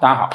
大家好，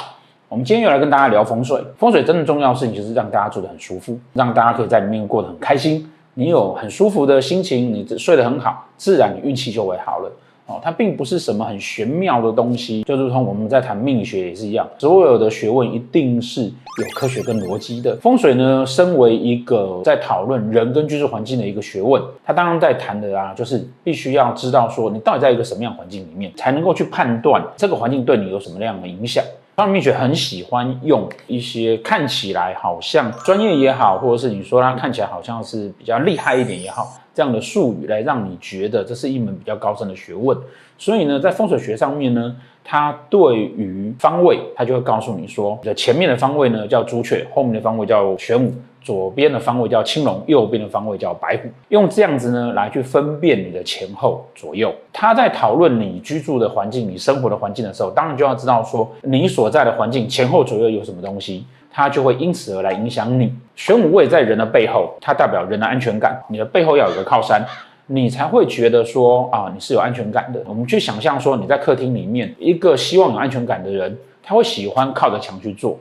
我們今天又來跟大家聊風水。風水真的重要的事情就是讓大家住得很舒服，讓大家可以在裡面過得很開心。你有很舒服的心情，你睡得很好，自然你運氣就會好了。哦，它並不是什麼很玄妙的東西，就如同我們在談命學也是一樣，所有的學問一定是有科學跟邏輯的。風水呢，身為一個在討論人跟居住環境的一個學問，它當然在談的啊，就是必須要知道說你到底在一個什麼樣的環境裡面，才能夠去判斷這個環境對你有什麼樣的影響。風水學很喜歡用一些看起來好像專業也好，或者是你說它看起來好像是比較厲害一點也好，這樣的術語來讓你覺得這是一門比較高深的學問。所以呢，在風水學上面呢，它對於方位，它就會告訴你說，前面的方位呢叫朱雀，後面的方位叫玄武。左邊的方位叫青龍，右邊的方位叫白虎。用這樣子呢來去分辨你的前後左右。他在討論你居住的環境、你生活的環境的時候，當然就要知道說你所在的環境前後左右有什麼東西，他就會因此而來影響你。玄武位在人的背後，它代表人的安全感。你的背後要有個靠山，你才會覺得說啊，你是有安全感的。我們去想象說你在客廳裡面，一個希望有安全感的人，他會喜歡靠着牆去坐，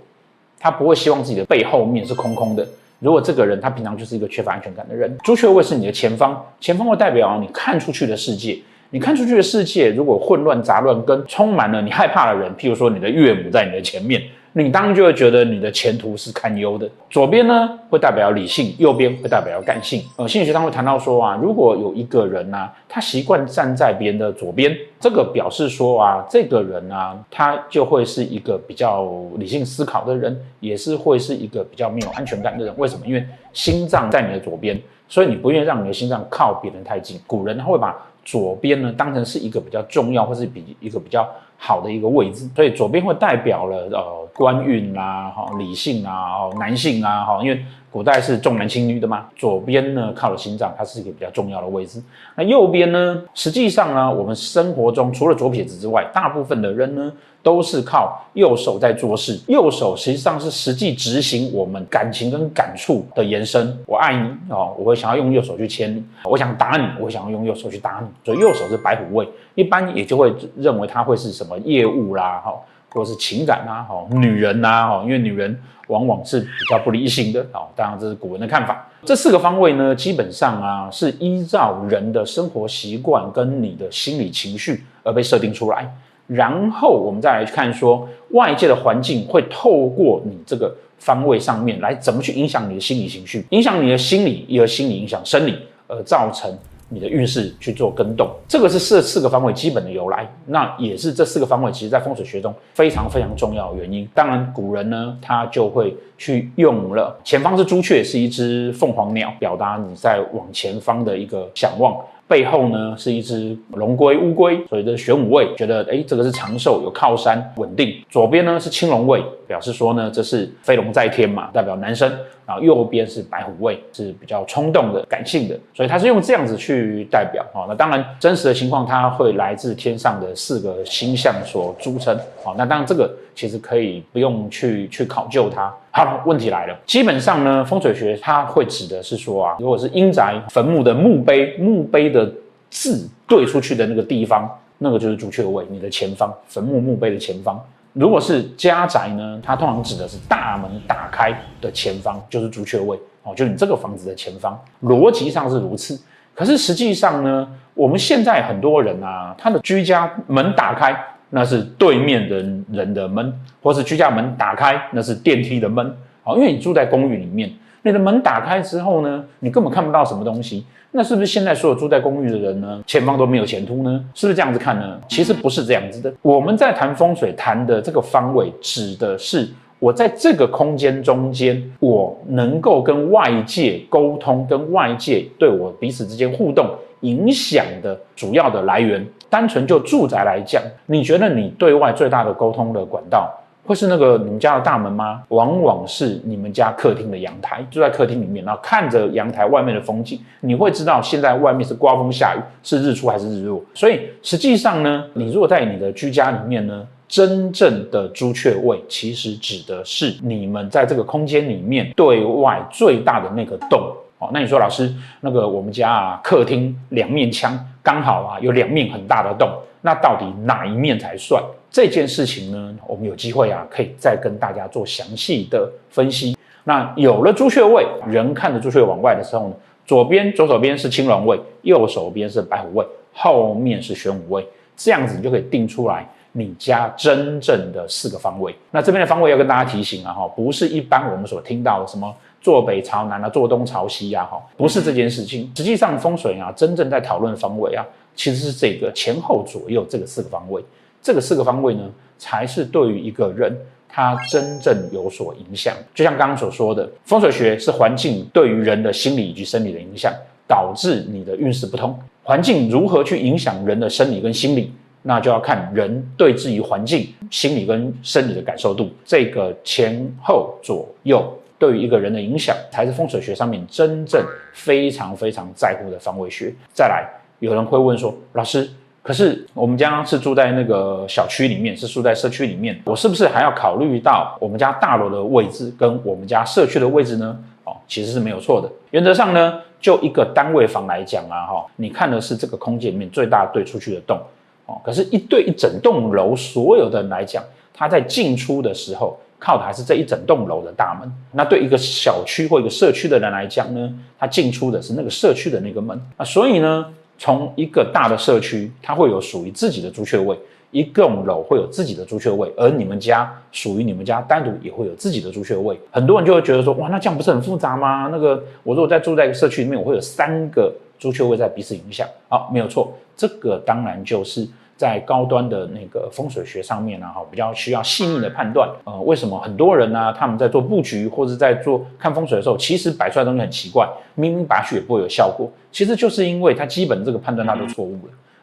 他不會希望自己的背後面是空空的。如果這個人他平常就是一個缺乏安全感的人。朱雀位是你的前方，前方會代表你看出去的世界。你看出去的世界如果混亂雜亂跟充滿了你害怕的人，譬如說你的岳母在你的前面。你當然就會覺得你的前途是堪憂的。左邊，左邊呢會代表理性，右邊會代表感性。呃，心理學上會談到說啊，如果有一個人啊，他習慣站在別人的左邊，這個表示說啊，這個人啊，他就會是一個比較理性思考的人，也是會是一個比較沒有安全感的人。為什麼？因為心臟在你的左邊，所以你不願意讓你的心臟靠別人太近。古人他會把。左邊呢，當成是一個比較重要或是比一個比較好的一個位置，所以左邊會代表了呃、哦、官運啦、啊、哈、哦、理性啊、哦，男性啊、哈、哦，因為古代是重男輕女的嘛。左邊呢，靠了心臟，它是一個比較重要的位置。那右邊呢，實際上呢，我們生活中除了左撇子之外，大部分的人呢都是靠右手在做事。右手實際上是實際執行我們感情跟感觸的延伸。我愛你哦，我會想要用右手去牽你；我想打你，我會想要用右手去打你。所以右手是白虎位，一般也就會認為它會是什麼業務啦，哈，或者是情感啦，哈，女人啦，哈，因為女人往往是比較不理性的好，當然這是古人的看法。嗯、這四個方位呢，基本上啊是依照人的生活習慣跟你的心理情緒而被設定出來。然後我們再來看說外界的環境會透過你這個方位上面來怎麼去影響你的心理情緒，影響你的心理，也而心理影響生理，而造成。你的運勢去做更動，這個是這四個方位基本的由來，那也是這四個方位其實在風水學中非常非常重要的原因。當然，古人呢他就會去用了，前方是朱雀，是一隻鳳凰鳥，表達你在往前方的一個想望。背後呢是一隻龍龜、烏龜，所以這玄武位覺得哎，這個是長壽，有靠山，穩定。左邊呢是青龍位，表示說呢這是飛龍在天嘛，代表男生。然後右邊是白虎位，是比較衝動的、感性的，所以他是用這樣子去代表啊、哦。那當然，真實的情況他會來自天上的四個星象所組成啊。那當然，這個其實可以不用去去考究它。好了，問題來了。基本上呢，風水學它會指的是說啊，如果是陰宅墳墓的墓碑，墓碑的字對出去的那個地方，那個就是朱雀位，你的前方，墳墓墓碑的前方。如果是家宅呢，它通常指的是大門打開的前方，就是朱雀位哦，就是你這個房子的前方。邏輯上是如此，可是實際上呢，我們現在很多人啊，他的居家門打開。那是對面的人的門，或是居家門打開，那是電梯的門好。哦，因為你住在公寓裡面，你的門打開之後呢，你根本看不到什麼東西。那是不是現在所有住在公寓的人呢，前方都沒有前途呢？是不是這樣子看呢？其實不是這樣子的。我們在談風水，談的這個方位指的是。我在這個空間中間，我能夠跟外界溝通，跟外界對我彼此之間互動影響的主要的來源，單純就住宅來講，你覺得你對外最大的溝通的管道，會是那個你們家的大門嗎？往往是你們家客廳的陽台，就在客廳裡面，然後看着陽台外面的風景，你會知道現在外面是颳風下雨，是日出還是日落。所以實際上呢，你如果在你的居家裡面呢。真正的朱雀位，其實指的是你們在這個空間裡面對外最大的那個洞。哦，那你說老師，那個我們家啊客廳兩面牆剛好啊有兩面很大的洞，那到底哪一面才算？這件事情呢，我們有機會啊可以再跟大家做詳細的分析。那有了朱雀位，人看着朱雀往外的時候呢，左邊左手邊是青龍位，右手邊是白虎位，後面是玄武位，這樣子你就可以定出來。你家真正的四個方位，那這邊的方位要跟大家提醒啊，哈，不是一般我們所聽到的什麼坐北朝南啊，坐東朝西啊，哈，不是這件事情。實際上風水啊，真正在討論的方位啊，其實是這個前後左右這個四個方位，這個四個方位呢，才是對於一個人他真正有所影響。就像剛剛所說的，風水學是環境對於人的心理以及生理的影響，導致你的運勢不通。環境如何去影響人的生理跟心理？那就要看人對自於環境、心理跟生理的感受度，這個前後左右對於一個人的影響，才是風水學上面真正非常非常在乎的方位學。再來，有人會問說，老師，可是我們家是住在那個小區裡面，是住在社區裡面，我是不是還要考慮到我們家大樓的位置跟我們家社區的位置呢？哦，其實是沒有錯的。原則上呢，就一個單位房來講啊，哈、哦，你看的是這個空間裡面最大對出去的洞。哦，可是，一對一整棟樓所有的人來講，他在進出的時候，靠的還是這一整棟樓的大門。那對一個小區或一個社區的人來講呢，他進出的是那個社區的那個門。那所以呢，從一個大的社區，它會有屬於自己的朱雀位；一棟樓會有自己的朱雀位，而你們家屬於你們家單獨也會有自己的朱雀位。很多人就會覺得說，哇，那這樣不是很複雜嗎？那個，我如果在住在一個社區裡面，我會有三個。朱雀位在彼此影響，好、啊，沒有錯，這個當然就是在高端的那個風水學上面呢，哈，比較需要細膩的判斷。呃，為什麼很多人呢、啊，他們在做布局或者在做看風水的時候，其實擺出來的東西很奇怪，明明擺去也不會有效果，其實就是因為他基本這個判斷它都錯誤了。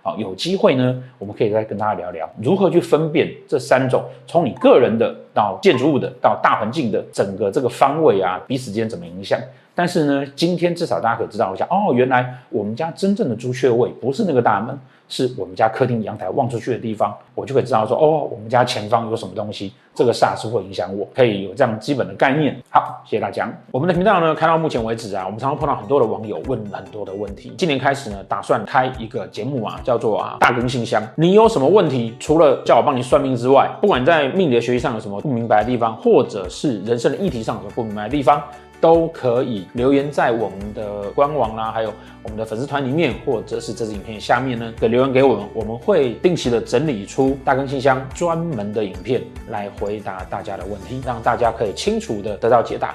好、啊，有機會呢，我們可以再跟大家聊聊，如何去分辨這三種，從你個人的到建築物的到大環境的整個這個方位啊，彼此間怎麼影響。但是呢，今天至少大家可以知道一下哦，原來我們家真正的朱雀位不是那個大門，是我們家客廳陽台望出去的地方，我就可以知道說哦，我們家前方有什麼東西，這個煞是會影響我，可以有這樣基本的概念。好，謝謝大家。我們的頻道呢，開到目前為止啊，我們常常碰到很多的網友問很多的問題。今年開始呢，打算開一個節目啊，叫做啊，大耕信箱。你有什麼問題？除了叫我幫你算命之外，不管在命理的學習上有什麼不明白的地方，或者是人生的議題上有什麼不明白的地方。都可以留言在我們的官網啦、啊，還有我們的粉絲團裡面，或者是這支影片下面呢，給留言給我們，我們會定期的整理出大耕信箱專門的影片來回答大家的問題，讓大家可以清楚的得到解答。